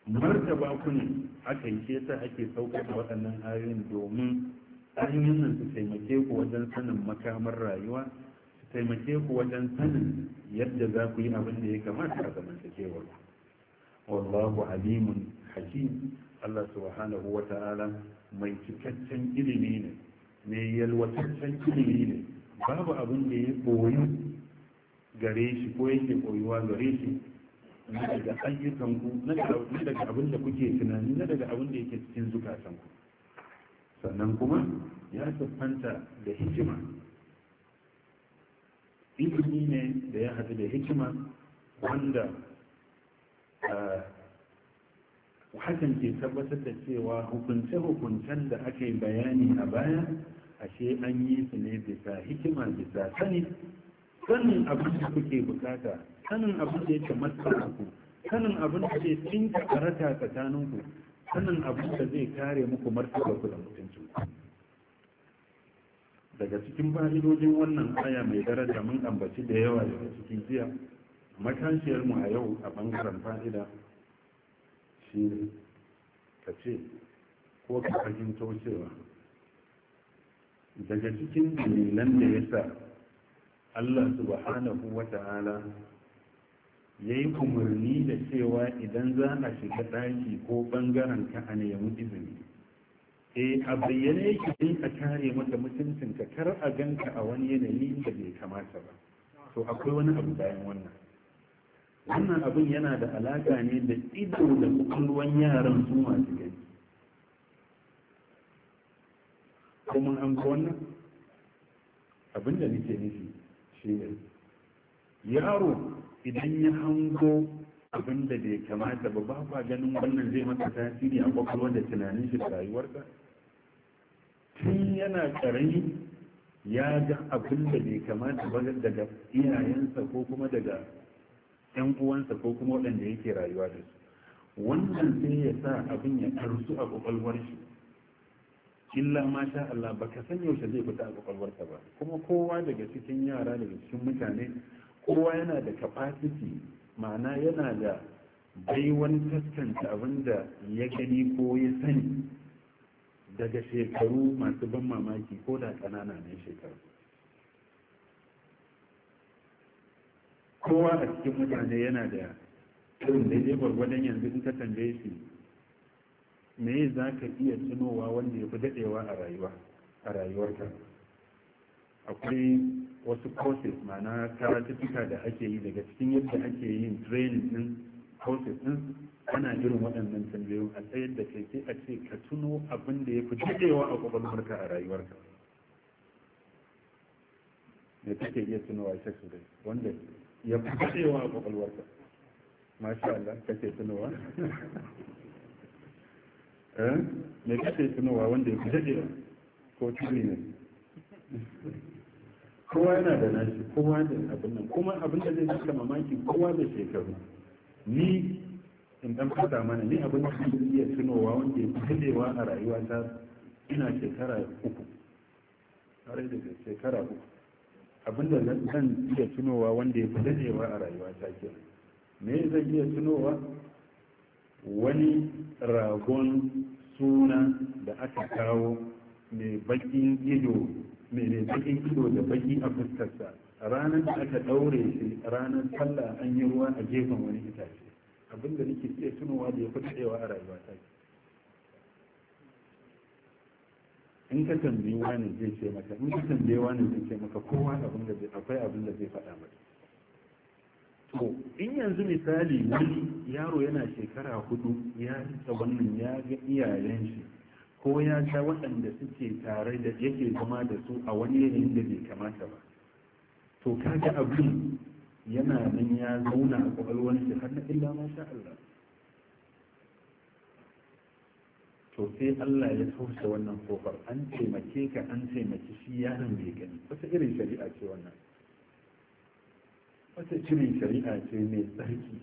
Speaker 1: martaba ku ne akan ce ta ake saukar a waɗannan ayoyin domin ayoyin nan su taimake ku wajen sanin makamar rayuwa su taimake ku wajen sanin yadda za ku yi abin da ya kamata a zamantakewar wallahu alimun hakim Allah subhanahu wa ta'ala mai cikakken ilimi ne mai yalwataccen ilimi ne babu abin da ya koyi gare shi ko yake koyuwa gare shi na daga ayyukanku na daga abin da kuke tunani na daga abin da yake cikin zukatanku sannan kuma ya siffanta da hikima ilimi ne da ya haɗu da hikima wanda ah, hakan ke tabbatar da cewa hukunce-hukuncen da ake bayani a baya ashe an yi su ne bisa hikima bisa sani sanin abin da kuke bukata sanin abin da yake ku sanin abin da ke cinka karata tsakaninku sanin abin da zai kare muku martaba ku da mutuncin daga cikin fa'idojin wannan aya mai daraja mun ambaci da yawa daga cikin jiya matashiyar mu a yau a bangaren fa'ida shi ka ce ko ka fahimto cewa daga cikin dalilan da ya sa Allah subhanahu wa ta'ala ya yi umarni da cewa idan za a shiga ɗaki ko ɓangaren ka a nemi izini e a bayyane yake din a kare maka ka kar a ganka a wani yanayi da bai kamata ba to akwai wani abu bayan wannan wannan abin yana da alaka ne da ido da kwakwalwan yaran su masu gani kuma an ga wannan abin da nake nufi shi ne yaro idan ya hango abin da bai kamata ba ba ganin wannan zai masa tasiri a kwakwalwar da tunanin shi da rayuwarsa tun yana karami ya ga abin da bai kamata ba daga iyayensa ko kuma daga yan uwansa ko kuma waɗanda yake rayuwa da su wannan sai ya sa abin ya karsu a kwakwalwar shi illa ma sha Allah ba ka san yaushe zai fita a kwakwalwarsa ba kuma kowa daga cikin yara daga cikin mutane kowa yana da capacity ma'ana yana da baiwan taskanta abin da ya gani ko ya sani daga shekaru masu ban mamaki ko da ƙanana ne shekaru kowa a cikin mutane yana da irin daidai gwargwadon yanzu in ka tambaye shi me za ka iya tunowa wanda ya fi daɗewa a rayuwa a rayuwarka akwai wasu courses ma'ana karatuka da ake yi daga cikin yadda ake yin training din courses din ana irin waɗannan tambayoyin a tsayar da kai sai a ce ka tuno abin da ya fi daɗewa a ƙwaƙwalwarka a rayuwarka me kake iya tunowa shaksu dai wanda ya fi kaɗewa a kwakwalwarka masha Allah kake tunowa eh me kake tunowa wanda ya fi daɗewa ko tuni ne kowa yana da nashi kowa da abin nan kuma abin da zai saka mamaki kowa da shekaru ni in dan fata mana ni abin da zai iya tunowa wanda ya fi daɗewa a rayuwata ina shekara uku tare da shekara uku abinda zan iya tunowa wanda ya fi dadewa a rayuwa ta ke me zan iya tunowa wani ragon suna da aka kawo mai bakin ido mai bakin ido da baki a fuskarsa ranar da aka daure shi ranar sallah an yi ruwa a gefen wani itace abinda nake iya tunowa da ya fi dadewa a rayuwa ta ke in ka tambayi wani zai ce maka in ka tambayi wani zai ce maka kowa abin da zai akwai abin da zai faɗa maka to in yanzu misali wani yaro yana shekara hudu ya rika wannan ya ga iyayen shi ko ya ga waɗanda suke tare da yake zama da su a wani yanayin da bai kamata ba to kaga abin yana nan ya zauna a ƙwaƙwalwar shi har na illa masha Allah to sai Allah ya tausa wannan kofar an taimake ka an taimaki shi yaron bai gani wata irin shari'a ce wannan wata irin shari'a ce mai tsarki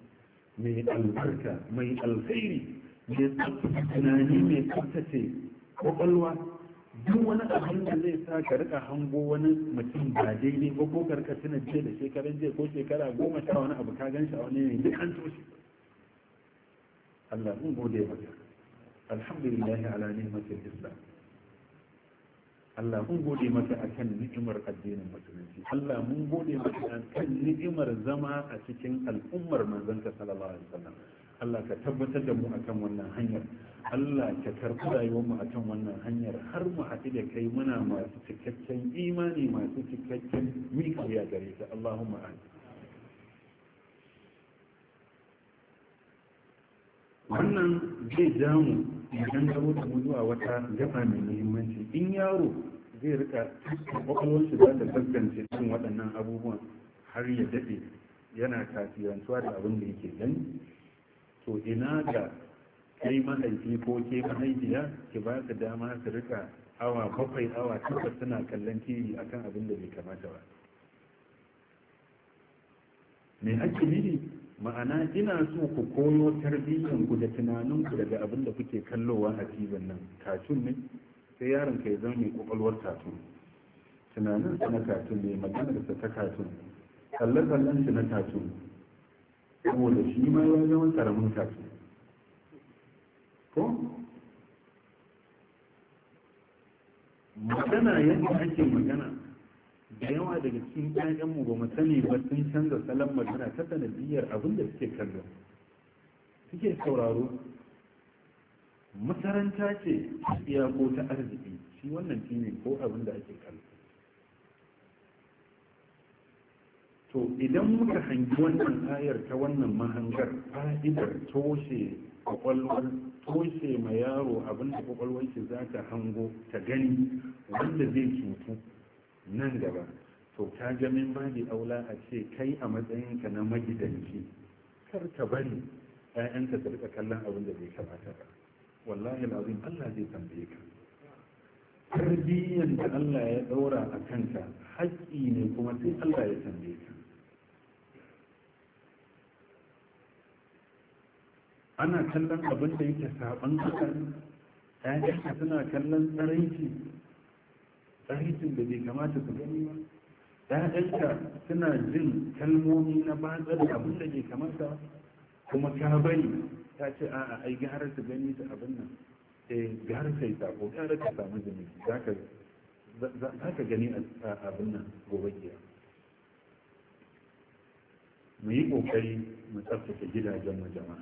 Speaker 1: mai albarka mai alkhairi mai tsaftace tunani mai tsaftace kwakwalwa duk wani abin da zai sa ka rika hango wani mutum ba daidai ba ko karka tuna jiya da shekaran jiya ko shekara goma sha wani abu ka gan shi a wani ne duk an toshe Allah mun gode maka alhamdulillahi ala ni'matil islam Allah mun gode a kan ni'imar addinin musulunci Allah mun gode a kan ni'imar zama a cikin al'ummar manzanka sallallahu alaihi wasallam Allah ka tabbatar da mu akan wannan hanyar Allah ka karɓi rayuwar mu akan wannan hanyar har mu haɗu da kai muna masu cikakken imani masu cikakken miƙa ya gare ka Allahumma amin wannan zai jamu ya dangaro da mu wata gaba mai muhimmanci in yaro zai rika kwakwalwarsu za ta tantance cikin waɗannan abubuwan har ya daɗe yana tasirantuwa da abin da yake gani to ina ga kai mahaifi ko ke mahaifiya ki ba ka dama ka rika awa bakwai awa takwas suna kallon tiri akan abin da bai kamata ba me ake nufi ma'ana ina so ku koyo tarbiyyanku da tunaninku daga abin da kuke kallowa a cibin nan katun ne sai yaron ka ya zama mai kwakwalwar katun tunanin na katun ne maganar sa ta katun kalle shi na katun saboda shi ma ya zama karamin katun ko
Speaker 2: magana yadda
Speaker 1: ake magana da yawa daga cikin ƴaƴanmu ba mu sani ba sun canza salon magana ta sanadiyyar abin da suke kallo suke sauraro masaranta ce iya ko ta arziki shi wannan shine ko abin da ake kallo to idan muka hangi wannan ayar ta wannan mahangar fa'idar toshe kwakwalwar toshe ma yaro abin da kwakwalwar shi za ta hango ta gani wanda zai cutu nan gaba to ta ga min ni aula a ce kai a matsayinka na magidanci kar ka bari ƴaƴanka su rika kallon abin da bai kamata ba wallahi lazim Allah zai tambaye ka tarbiyyar da Allah ya daura a kanka haƙƙi ne kuma sai Allah ya tambaye ka ana kallon abin da yake saban kasan ƴaƴanka suna kallon tsaraici tsarikin da bai kamata su gani ba ‘ya'yanka suna jin kalmomi na batsar abin da bai kamata kuma ka bari ta ce a ai gara su gani da abin nan eh gara ka yi sako gara ka samu zunubi za ka gani a abin nan gobe kiyar mu yi ƙoƙari mu tsaftace gidajen mu jama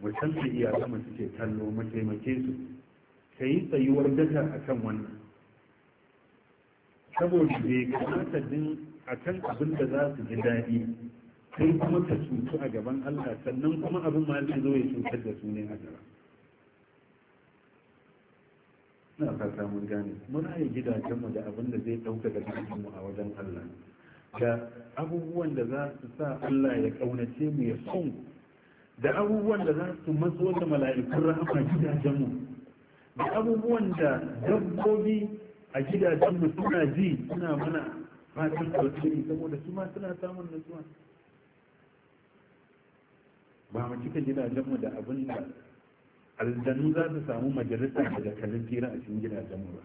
Speaker 1: mu canza iyaka mu suke kallo mu taimake su ka yi tsayuwar daka akan wannan saboda bai kamata din a kan abin da za su ji daɗi sai kuma ta cutu a gaban Allah sannan kuma abin ma zai zo ya cutar da su ne a gaba na ka samu gane muna yi gidajenmu da abin da zai ɗauka da mu a wajen Allah da abubuwan da za su sa Allah ya ƙaunace mu ya son da abubuwan da za su matso da mala'ikun rahama gidajenmu da abubuwan da dabbobi a gidajen mu suna ji suna mana fatan alheri saboda su ma suna samun nutsuwa ba mu cika gidajen mu da abin da aljannu za su samu majalisa da dakalin fira a cikin gidajen mu ba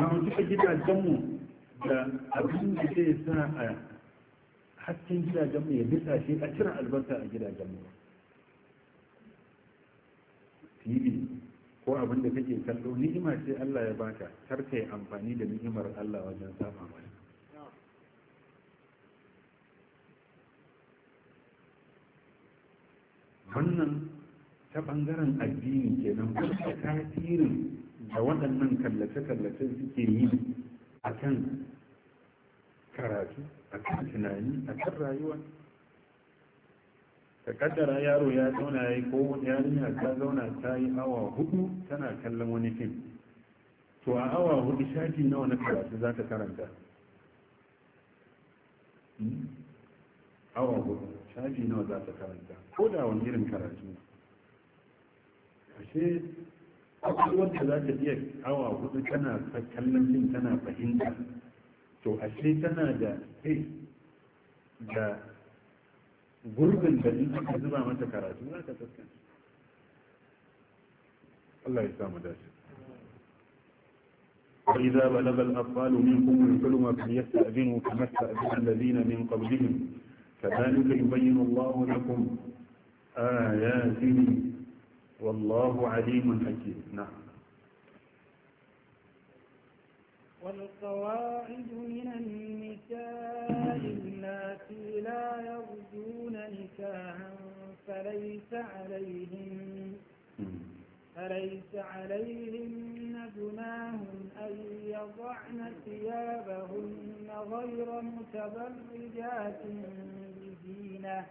Speaker 1: ba mu cika gidajen mu da abin da zai sa a hasken gidajen mu ya bisa shi a cire albarka a gidajen mu ba ko abin da kake kallo ni'ima ce Allah ya baka kar ka yi amfani da ni'imar Allah wajen saba mana. wannan ta bangaren addini kenan kuma tasirin da waɗannan kallace-kallace suke yi a kan karatu a kan tunani a kan rayuwa ta kaddara yaro ya zauna ya yi ko yarinya ta zauna ta yi awa hudu tana kallon wani fim to a awa hudu shafi nawa na karatu za ka karanta hmm? awa hudu shafi nawa za ta karanta ko da wani irin karatu ashe abubuwan da za ta iya awa hudu tana kallon fim tana fahimta to ashe tana da eh, da gurbin da in aka zuba mata karatu za ta fuskanta Allah ya samu dace وإذا بلغ الأطفال منكم الحلم فليستأذنوا كما استأذن الذين من قبلهم كذلك يبين الله لكم آياته والله عليم حكيم نعم والقواعد من النساء اللاتي لا يرجون نكاحا فليس عليهم فليس عليهن جناه أن يضعن ثيابهن غير متبرجات بزينة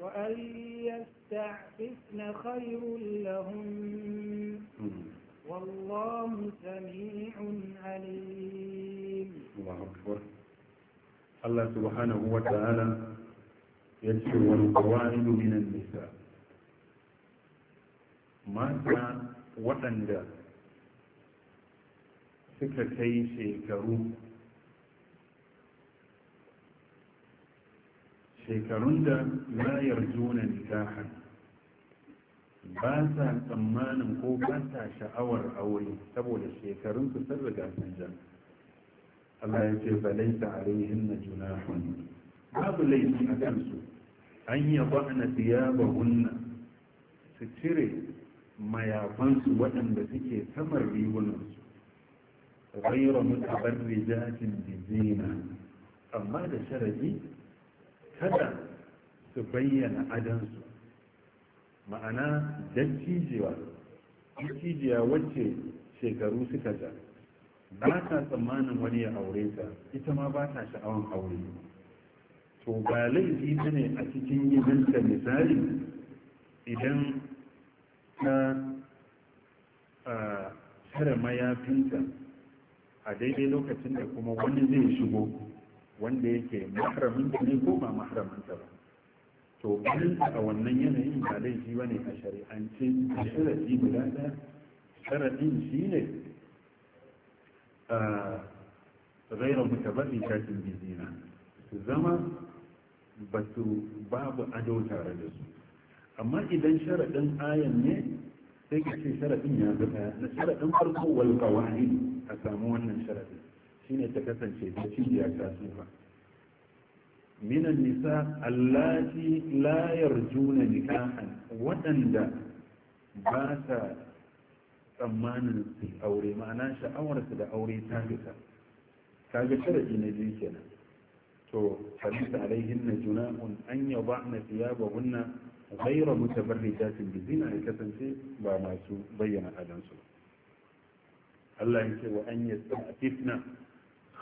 Speaker 1: وأن يستعففن خير لهن والله سميع عليم الله أكبر الله سبحانه وتعالى يشفي والقواعد من النساء mata waɗanda suka kai shekaru shekarun da la yarjuna nikahan ba sa tsammanin ko ba sa sha'awar aure saboda shekarun su sun riga sun ja Allah ya ce balaita alaihin na junahun babu laifi a kansu an yaba na ba hunna su cire mayafansu waɗanda suke samar mutabar غير متبرجات Amma da sharadi Kada su bayyana adansu. ma'ana dattijewa dattijiya wacce shekaru suka ja ba ta tsammanin wani ya aure ta ita ma ba ta sha'awan aure to ba laifi ta ne a cikin gidanta misali idan ta tara mayafinta a daidai lokacin da kuma wani zai shigo wanda yake mahraminta ne ko ba mahraminta ba to ganin a wannan yanayin ba laifi ba ne a shari'ance a sharaɗi guda ɗaya sharaɗin shi ne a ah, rairar mutabarin shafin bizina su zama ba su babu ado tare da su amma idan sharaɗin ayan ne sai ka ce sharaɗin ya zama na sharaɗin farko wal kawai a samu wannan sharaɗin shine ta kasance ta cibiya ta tsufa من النساء اللاتي لا يرجون نكاحا وأندا باسا tsammanin su aure ma'ana sha'awarsu da aure ta fita ta ga sharadi na biyu kenan to falisa alaihin na junahun an yau ba na fiya ba wunna gaira mutabarri jatin bizina ya kasance ba masu bayyana adansu Allah ya ce wa an yi fitna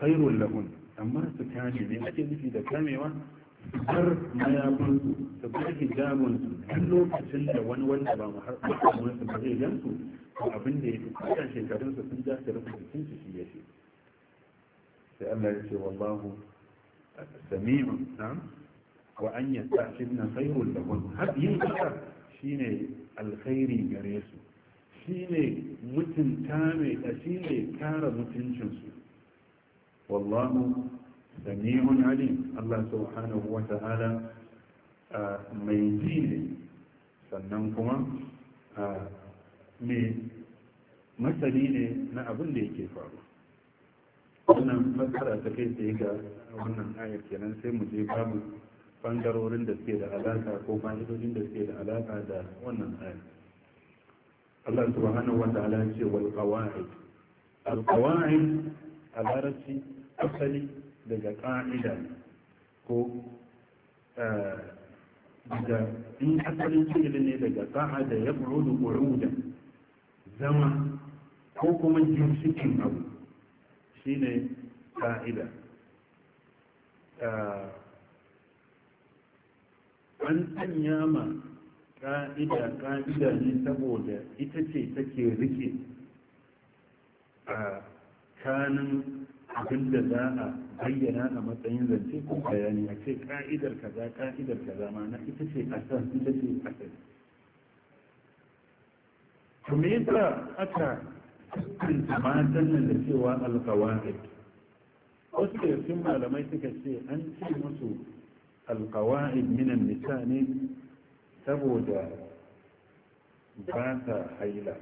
Speaker 1: khairun lahun amma su kame ne ake nufi da kamewa har mayafinsu su bar hijabinsu duk lokacin da wani wanda ba muharramansu ba zai gansu to abin da ya fi kwata shekarunsa sun ja su rufe jikinsu shi ya ce sai Allah ya ce wallahu sami'un na'am wa an yastashibna khairul lahum har yin haka shine alkhairi gare su shine mutunta mai shine kare mutuncinsu wallahu sami'un alim Allah subhanahu wa ta'ala mai ji ne sannan kuma mai matsali ne na abin da yake faru wannan fassara ta kai tsaye ga wannan ayar kenan sai mu je babu bangarorin da suke da alaka ko fa'idodin da suke da alaka da wannan ayar Allah subhanahu wa ta'ala ce wal qawaid al qawaid a larabci asali daga ƙa'ida ko eh, daga in asalin fi'il ne daga ƙa'ada ya bu'udu bu'uda zama ko kuma jinsikin abu shine ƙa'ida eh, an sanya ma ƙa'ida ƙa'ida ne saboda ita ce take rike a kanin abin da za a bayyana a matsayin zance ko bayani a ce ka'idar kaza ka'idar kaza ma na ita ce asali ita ce asali to me yasa aka kanta matan nan da cewa alkawa'i wasu da yakin malamai suka ce an ce musu alqawaid minan nisa ne saboda ba ta haila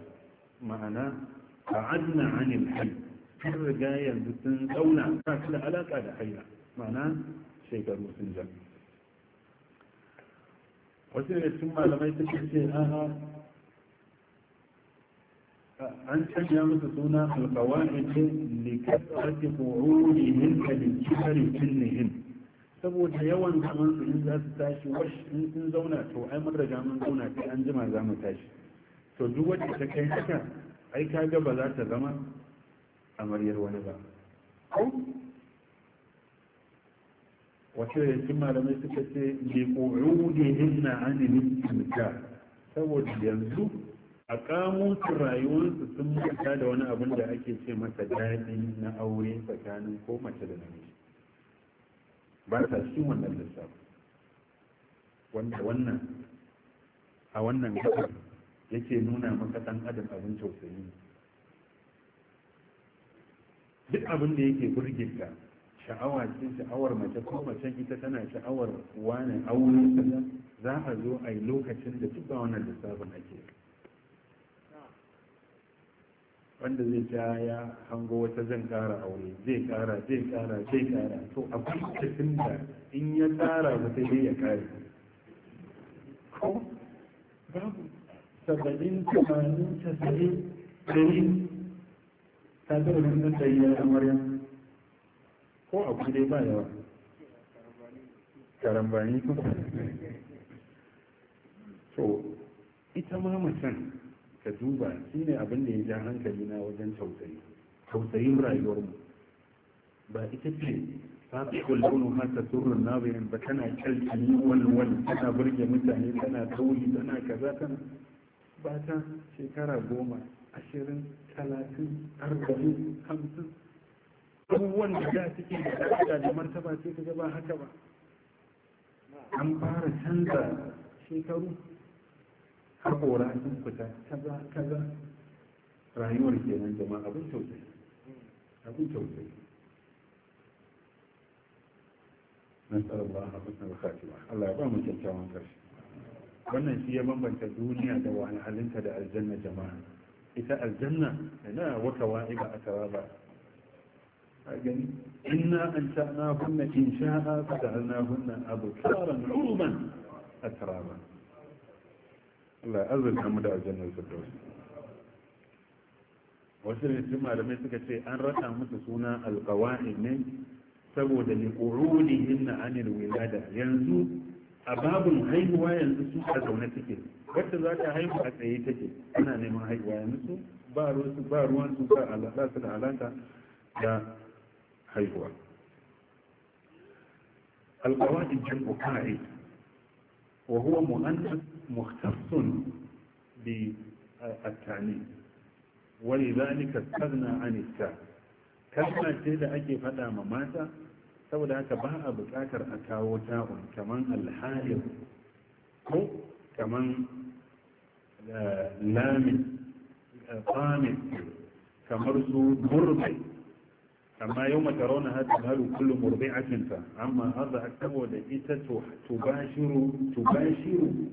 Speaker 1: ma'ana ta'adna anil haila sun riga yanzu sun tsauna. ba su da alaƙa da haila mana shekaru sun ja wasu ne sun malamai ta ce aha an canja musu suna alƙawamin likasarki ƙoronihin da likifarin cinnihin saboda yawan zaman su in za su tashi wash sun zauna to ai mun riga mun zauna sai an jima za mu tashi to duk wacce ta kai haka ai kaga ba za ta zama amaryar wani ba wace malamai suka ce ne ƙo'ude hinna anilin cuta saboda yanzu a kamusin rayuwarsu sun mutu da wani abin da ake ce masa daɗi na aure tsakanin ko mace da namiji ba ta shi wannan lissafi wanda wannan a wannan gabar yake nuna maka ɗan adam abin tausayi duk abin da yake burgita, ka sha'awa ce sha'awar mace ko mace ita tana sha'awar wani aure za a zo a yi lokacin da duk ba wannan lissafin ake wanda zai ja ya hango wata zan kara aure zai kara zai kara zai kara to akwai cikin da in ya tsara ba sai ya kare ko babu saba'in tamanin tasa'in ta zama da ɗan ɗari ya amarya ko a dai ba yawa karambani ko so ita ma macen ka duba shi ne abin da ya ja hankali na wajen tausayi tausayin rayuwarmu ba ita ce fasiku launu haka surun nazirin ba tana kyalkyali walwal tana burge mutane tana tauri tana kaza tana ba ta shekara goma ashirin talatin arba'in hamsin abubuwan da da suke da daraja da martaba sai ka ba haka ba an fara canza shekaru haƙora sun fita kaza kaza rayuwar ke nan jama'a abin kyautai. abin nasarar ba a hafizna wa khatima Allah ya ba mu kyakkyawan karshe wannan shi ya bambanta duniya da wahalhalinta da aljanna jama'a إتاء الجنة لا وكواعب أترابا إنا أنشأناهن إنشاء فجعلناهن أبكارا عظما أترابا لا أزل حمد الجنة الفردوس وشر الجمعة لم يتكت في أن رأى متسونا القواعد من سبود لقعودهن عن الولادة ينزو أباب الغيب وينزو سوحة ونتكت wadda za ta haihu a tsaye take ana neman haihuwa ya mutu ba ruwansu ba ruwansu ba alaƙa su da alaƙa da haihuwa alƙawa'id jam'u ka'i wa huwa mu'anta muhtassun bi التعني ولذلك tsarna an ita kalma ce da ake faɗa ma mata saboda haka ba a buƙatar a kawo ta'un kaman alhalin ko kaman lamin tsamin kamar su murbai amma yau mata rauna hata haru kullum murbai akinta amma haza saboda ita tubashiru tubashiru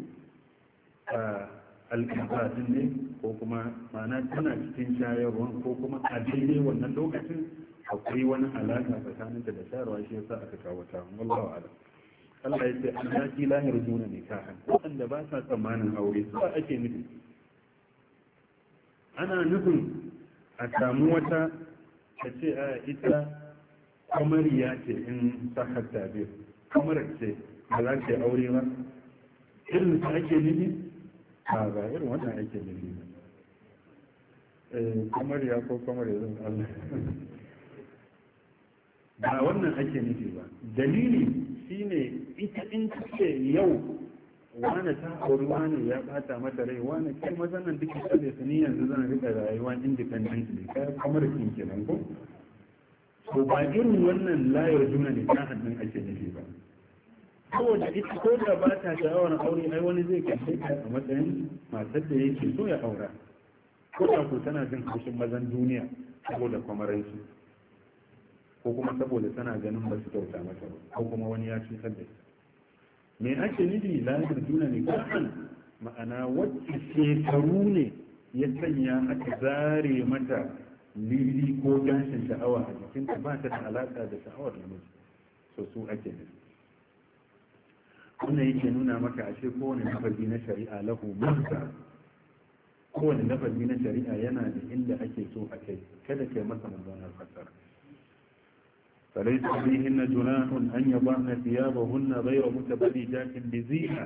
Speaker 1: alƙasasin ne ko kuma mana tana cikin shayarwa ko kuma a daidai wannan lokacin akwai wani alaƙa tsakaninta da shayarwa shi yasa aka kawo ta wallahu alaƙa. Allah ya ce an allati la yarjuna nikahan wanda ba sa tsammanin aure su ake nufi ana nufin a samu wata ta ce a ita kamariya ce in sahar tabir kamar ce ba za ta aure ba irin ta ake nufi a ba irin wannan ake nufi ba. Eh, kamariya ko kamariya zan Allah ba wannan ake nufi ba dalili shine ita in ce yau wani ta auri wani ya bata mata rai wani kai mazan nan duk ita da sani yanzu zan rika rayuwa independent ne kai kamar kinkinan ko to ba irin wannan layar juna ne ta hannun ake nufi ba saboda ita ko da ba ta shawar aure ai wani zai kashe ta a matsayin matar da yake so ya aura ko da ko tana jin haushin mazan duniya saboda kwamarai su ko kuma saboda tana ganin ba su kyauta mata ba ko kuma wani ya cutar da ita me ake nufi la ne nikahan ma'ana wacce shekaru ne ya sanya aka zare mata lili ko gashin sha'awa a jikinta ba ta da alaƙa da sha'awar namiji so su ake nufi wannan yake nuna maka ashe kowane nafazi na shari'a lahu mulka kowane nafazi na shari'a yana da inda ake so a kai kada kai masa mazanar kasar
Speaker 2: فليس فيهن
Speaker 1: جناح أن يضعن ثيابهن غير متبرجات بزينة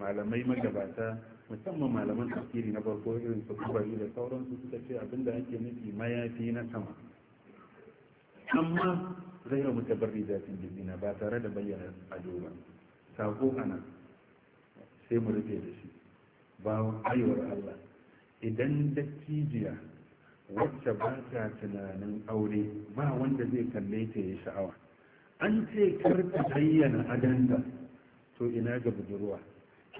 Speaker 1: ما لم يمك بعثا مسمى ما لم تفكير نبر فوهر فكبا إلى ثورا سوكت شيء عبند أنك نتي ما يأتينا سما أما غير متبرجات بزينة بعثا رد بيا أجوبا ساقو أنا سيمر جيدشي باو أيور الله إذن دكيجيا wacce ba ta tunanin aure ba wanda zai kalle ta ya sha'awa an ce kar ta bayyana adanta to ina ga budurwa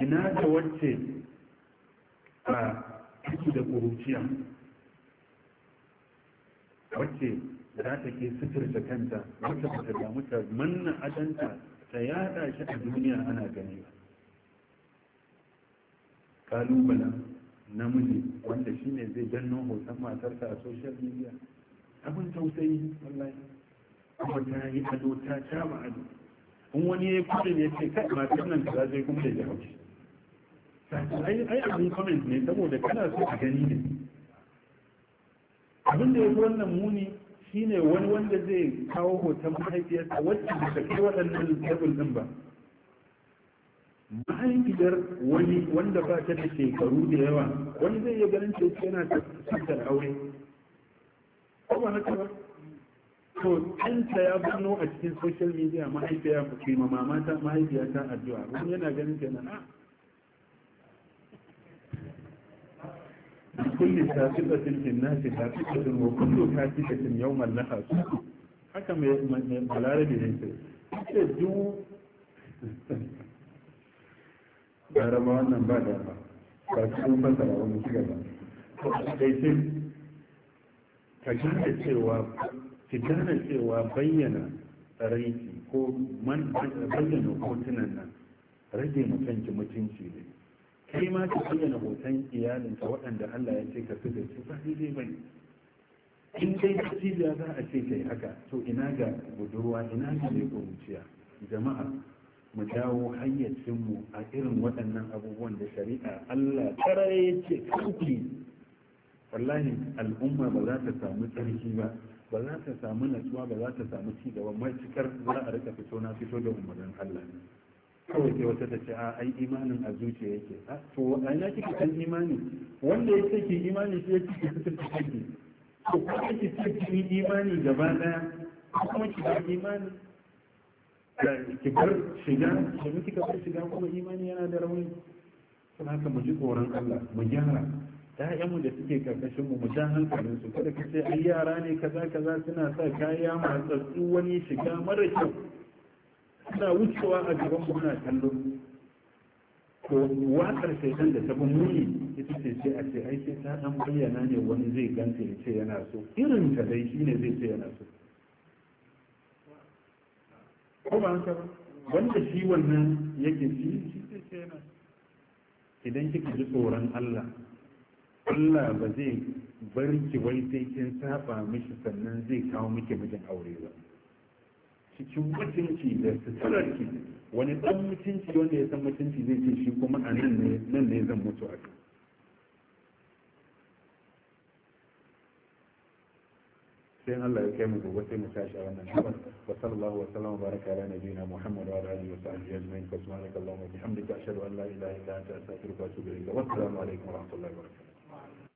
Speaker 1: ina ga wacce a ciki da ƙuruciya wacce za ta ke suturta kanta wacce ba ta damu ta manna adanta ta yada shi a duniya ana gani ba kalubalen namiji wanda shi ne zai danno hoton matarsa a social media abin tausayi wallahi kuma ta yi ado ta cama ado in wani ya yi ne ya ce kai matar nan ta zai kuma da ya haushi ai abin comment ne saboda kana so a gani ne abin da ya fi wannan muni shine wani wanda zai kawo hoton mahaifiyarsa wacce da ta kai waɗannan zabul ɗin ba mahaifiyar wani wanda ba ta da shekaru da yawa wani zai iya ganin ce yana da cutar aure ko ba haka ba to ɗanta ya gano a cikin social media mahaifiya ke mama ta mahaifiya ta addu'a wani yana ganin kenan a ah, kulli tafiqatin fil nas tafiqatin wa kullu yau, mallaka su haka mai balarabi ne ce duk garama wannan ba da ba ba fasa fasara wani ci gaba to a sai ka gane cewa ki gane cewa bayyana tsaraiki ko bayyana hotunan nan rage mutunci mutunci ne kai ma ka bayyana hoton iyalinka waɗanda Allah ya ce ka fi da su ba daidai ba ne in dai cibiya za a ce yi haka to ina ga budurwa ina ga mai kuruciya jama'a mu dawo hayyacinmu a irin waɗannan abubuwan da shari'a Allah tarare ya ce kanki wallahi al'umma ba za ta samu tsarki ba ba za ta samu natsuwa ba za ta samu ci gaba mai cikar za a rika fito na fito da umarnin Allah kawai ke wata ta ce a ai imanin a zuciya yake a ah, to a ina kike kan imani wanda ya ce ki imani shi ya ce ki fitar ki to kuma ki ce ki imani gaba daya kuma ki ba imani ki bar shiga domin kika bar shiga kuma imani yana da rauni sun haka mu ji tsoron Allah mu gyara Ya'yanmu da suke karkashin mu mu ja hankalin su kada ka ce ai yara ne kaza kaza suna sa kaya matsatsu wani shiga mara kyau suna wucewa a gaban muna kallo ko wakar shaitan da ta bi muni ita ce sai a ce ai sai ta dan bayyana ne wani zai ganta ya ce yana so irin ta dai shine zai ce yana so ko ba haka wanda shi wannan yake shi idan kika ji tsoron Allah Allah ba zai bar ki wai sai kin saba mishi sannan zai kawo miki mijin aure ba cikin mutunci da ki wani dan mutunci wanda ya san mutunci zai ce shi kuma a nan ne nan ne zan mutu a kai sai Allah ya kai mu gobe sai mu tashi a wannan gabar wa sallallahu wa sallama baraka ala nabiyyina Muhammad wa ala alihi wa sahbihi ajma'in fa subhanaka allahumma wa bihamdika ashhadu an la ilaha illa anta astaghfiruka wa atubu ilayk wa assalamu alaikum wa
Speaker 2: rahmatullahi wa barakatuh